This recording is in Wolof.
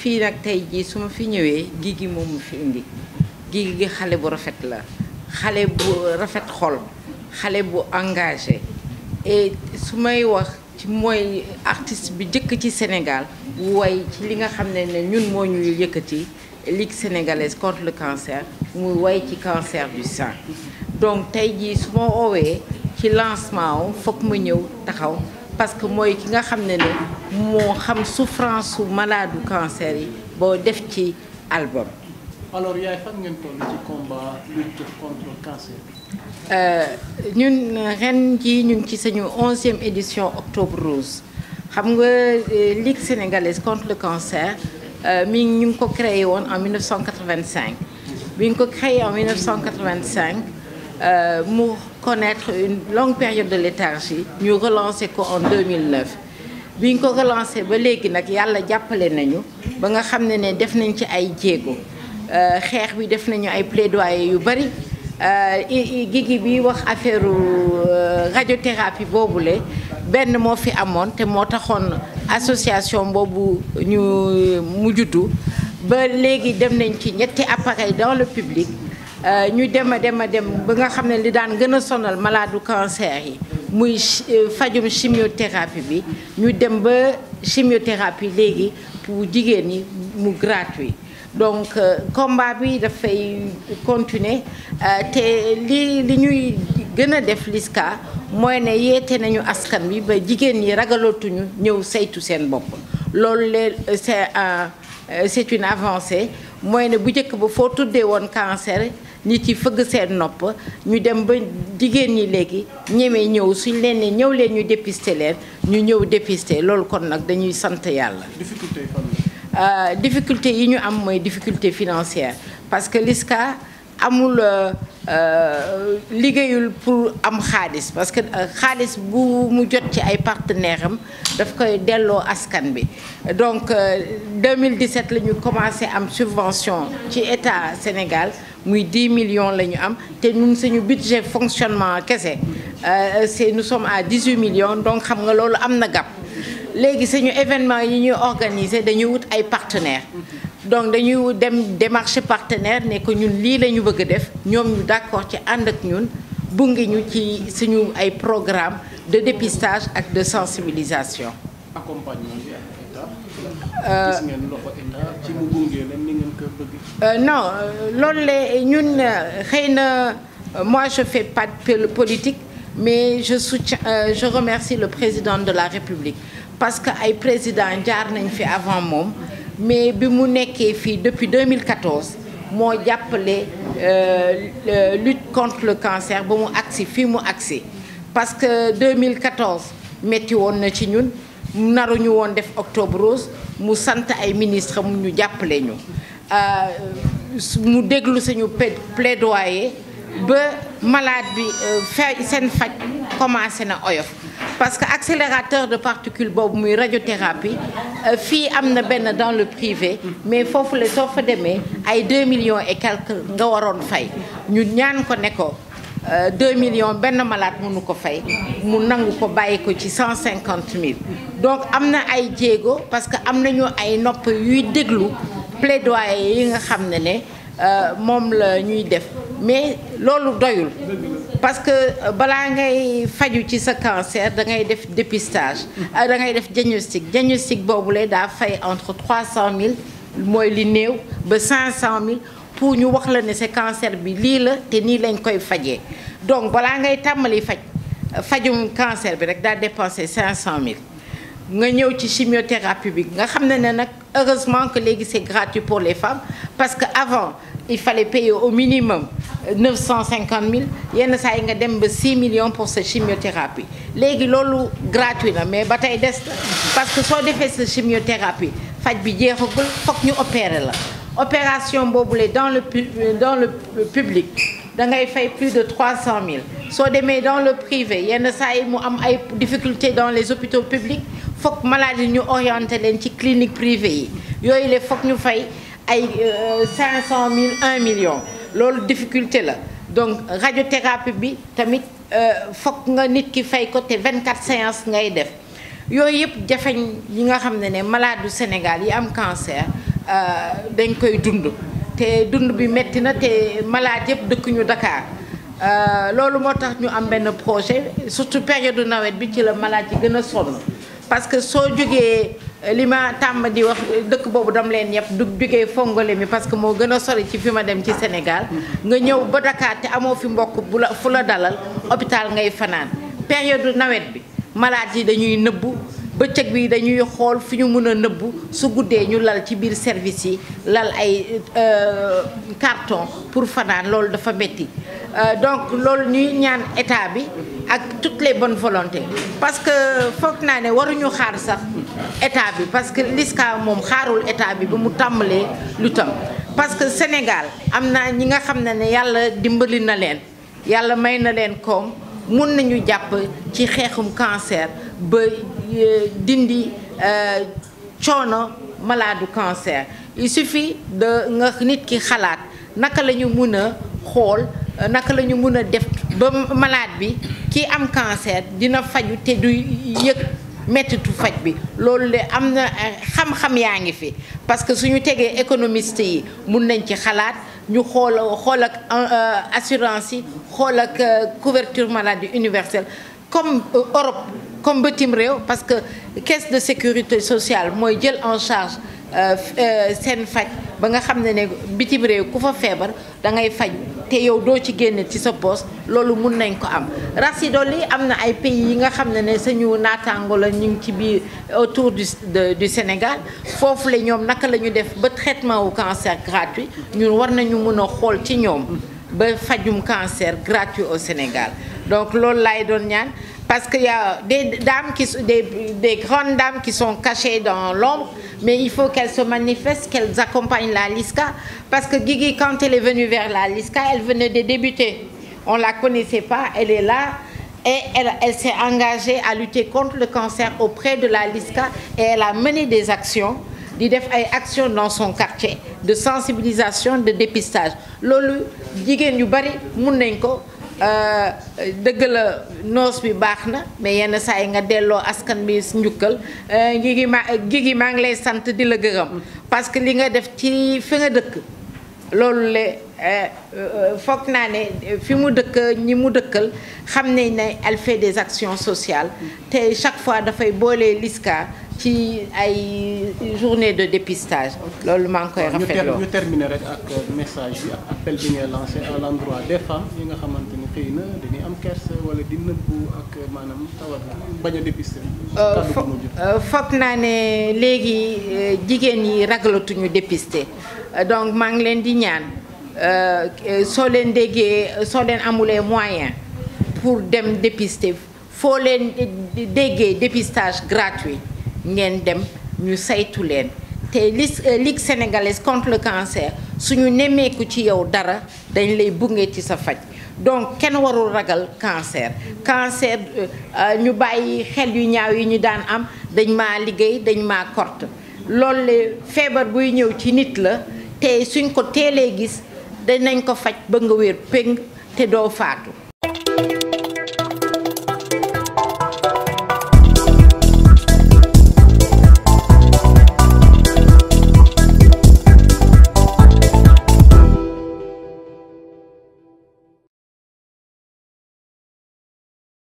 fii nag tey jii su ma fi ñëwee Guigui moom fi indi Guigui xale bu rafet la xale bu rafet xol xale bu engagé su may wax ci mooy artist bi jëkk ci Sénégal way ci li nga xam ne ne ñun moo ñuy yëkkati Ligue sénégalaise contre le cancer muy way ci cancer du sein donc tey jii su ma oowee ci lancement wu foog ma ñëw taxaw parce que mooy ki nga xam ne ne moo xam souffrance su malade du cancer yi boo def ci album. alors yaay fan euh, ñun ren jii ñu ngi ci sañu onzième édition octobre rose xam nga euh, ligue sénégalaise contre le cancer euh, mi ñu ngi ko créer woon en 1985. bi ñu ko créé en 1985. euh, mu connaître une longue période de yi ñu relancer ko en 2009 bi ñu ko relancer ba léegi nag yàlla jàppale nañu ba nga xam ne ne def nañ ci ay jéego euh, xeex bi def nañu ay plaidoyer yu bari euh, gigi bi wax affaire euh, radiothérapie boobule benn moo fi amoon te moo taxoon association mboobu ñu mu juddu ba léegi dem nañ ci ñetti appareil dans le public Euh, ñu dem a dem a dem ba nga xam ne li daan gën a sonal malade du cancer yi muy euh, fajum chimiothérapie bi ñu dem ba chimiothérapie léegi pour jigéen ñi mu gratuit donc euh, combat bi dafay continuer te li li ñuy gën a def liska mooy ne yeete nañu askan bi ba jigéen ñi ragalootuñu ñëw saytu seen bopp loolu lee c'est c'est une avancée mooy ne bu njëkk ba foo tuddee woon cancer nit yi fëgg seen nopp ñu dem ba jigéen ñi léegi ñemee ñëw suñ leen ne ñëw leen ñu dépister leen ñu ñëw dépister loolu kon nag dañuy sant yàlla. difficulté euh, yi ñu am mooy difficulté financière parce que LISCA amul. Euh, Euh, liggéeyul pour am xaalis parce que euh, xaalis bu mu jot ci ay partenaires am daf koy delloo askan bi donc 2017 euh, la ñu commencé am subvention ci état Sénégal muy 10 millions la ñu am te ñun suñu budget fonctionnement kese c'est nous some à 18 millions donc xam nga loolu am na gàpp léegi suñu événement yi ñuy organiser dañuy wut ay partenaires donc dañuy dem démarché partenaire nekk ñun lii la ñu bëgg a def ñoom ñu d'accord ci ànd ak ñun bungi ñu ci suñu ay programme de dépistage ak de sensibilisation. accompagnement bi ak état. Euh, gis euh, non euh, loolu ñun xëy na moi je fais pas de mais je soutiens euh, je remercie le président de la République parce que ay président jaar nañ fi avant moom. mais bi mu nekkee fii depuis 2014 moo jàppale euh, lutte contre le cancer ba mu agsi fii mu agsi parce que 2014 métti woon na ci ñun naruñu woon def octobre mu sant ay ministre mu ñu jàppale ñu euh, mu déglu suñu plaidoyer ba malaat bi euh, seen faj commencé na oyof parce que accélérateur de particule boobu muy radiothérapie euh, fii am na benn dans le privé mais foofu la soo fa demee ay 2 millions et quelque nga waroon fay ñu ñaan ko ne ko 2 euh, millions benn malaat mënu ko fay mu nangu ko bàyyi ko ci 150 000 donc am na ay jéego parce que am nañu ay nopp yuy déglu plaidoyer yi nga xam ne ne euh, moom la ñuy def mais loolu doyul parce que euh, balaa ngay faju ci sa cancer da ngay def dépistage euh, da ngay def diagnostic diagnostic boobu lay daa fay entre trois cent mille mooy li néew ba cinq cent mille pour ñu wax la ne sa cancer bi lii la te nii lañ koy fajee donc balaa ngay tàmbali faj fajum cancer bi rek daa dépensé cinq cent mille nga ñëw ci chimiothérapie bi nga xam ne ne nag heureusement que léegi c'est gratuit pour les femmes parce que avant il fallait payer au minimum neuf cent cinquante mille yenn saa yi nga dem ba six millions pour sa chimiothérapie léegi loolu gratuit na mais ba tey des parce que soo defee sa chimiothérapie faj bi jeexagul foog ñu opérer la opération boobule dans le dans le public da ngay fay plus de trois cent mille soo demee dans le privé yenn saa yi mu am ay difficultés dans les hôpitaux publics foog malade ñu orienté leen ci clinique privée yi yooyu le foog ñu fay ay euh, cinq cent mille un million loolu difficulté la donc radiothérapie bi tamit euh, foog nga nit ki fay ko te 24 séances ngay def yooyu yëpp jafeñ yi nga xam ne ne malaad du Sénégal yi am cancer euh, dañ koy dund te dund bi métti na te malade yëpp dëkkuñu Dakar euh, loolu moo tax ñu am benn projet surtout période nawet bi ci la malade yi gën a sonn parce soo jógee li ma tàmm di wax dëkk boobu dam leen yëpp du jugee fongole mi parce que moo gën a sori ci fi ma dem ci Sénégal nga ñëw ba Dakar te amoo fi mbokk bu la fu la dalal hôpital ngay fanaan période nawet bi malade yi dañuy nëbbu bëccëg bi dañuy xool fi ñu mën a nëbbu su guddee ñu lal ci biir service yi lal ay euh, carton pour fanaan loolu dafa metti euh, donc loolu ñuy ñaan état bi ak toutes les bonnes volontés parce que foog naa ne waruñu xaar sax état bi parce que LISCA moom xaarul état bi ba mu tàmbalee lu tam parce que Sénégal am naa ñi nga xam ne ne yàlla dimbali na leen yàlla may na leen koom mun nañu jàpp ci xeexum cancer ba euh, dindi euh, coono malade du cancer il fi de nit ki xalaat naka la ñu mun a xool naka la ñu mun a def ba malade bi ki am cancer dina faju te du yëg mettitu faj bi loolu de am na eh, xam-xam yaa ngi fi parce que suñu tegee économiste yi mun nañ ci xalaat ñu xool xool ak eh, eh, assurance yi xool ak couverture maladie universelle comme Europe comme bitim réew parce que caisse de sécurité sociale mooy jël en charge seen faj ba nga xam ne ne bitim réew ku fa feebar da ngay faju te yow doo ci génne ci sa poos loolu mun nañ ko am rax ci dolli am na ay pays yi nga xam ne ne sañu naataango la ñu ngi ci biir autour du du Sénégal foofu la ñoom naka la ñu def ba traitement wu cancer gratuit ñun war nañu mun a xool ci ñoom ba fajum cancer gratuit au Sénégal donc loolu laay doon ñaan parce qu'il y a des dames qui des, des grandes dames qui sont cachées dans l'ombre mais il faut qu'elles se manifestent qu'elles accompagnent la LISCA parce que Guigui quand elle est venue vers la LISCA elle venait de débuter on la connaissait pas elle est là et elle elle s'est engagée à lutter contre le cancer auprès de la LISCA et elle a mené des actions di def ay action dans son quartier de sensibilisation de dépistage loolu jigéen yu bari mun nañ ko Euh, dëgg la noos bi baax na mais yenn saa yi nga delloo askan bi njukkal euh, Guigui ma Guigui maa ngi lay sant di la gërëm parce que li nga def ci fi nga dëkk loolu le euh, foog naa ne fi mu dëkk ñi mu dëkkal xam nañ ne elle fait des actions sociales te chaque fois dafay boole Liska. ci ay journée de dépistage loolu maa ngi koy rafetlu ñu terminer rek ak euh, message bi ak appel bi ngay lancé à l'endroit des femmes yi nga xamante ni xëy na dañuy am kersa wala di nëbbu ak euh, maanaam tawat bañ a dépister. Euh, naa ne léegi jigéen yi ragalatuñu dépister donc maa ngi leen di ñaan soo leen déggee soo leen amulee moyen pour dem dépister foo leen déggee dépistage gratuit. ngeen dem ñu saytu leen te euh, Ligue sénégalaise contre le cancer suñu nemmeeku ci yow dara dañ lay bunge ci sa faj donc kenn warul ragal cancer cancer euh, euh, ñu bàyyi xel yu ñaaw yi ñu daan am dañ ma liggéey dañ maa korte loolu feebar buy ñëw ci nit la te suñ ko teelee gis danañ ko faj ba nga wér péng te doo faatu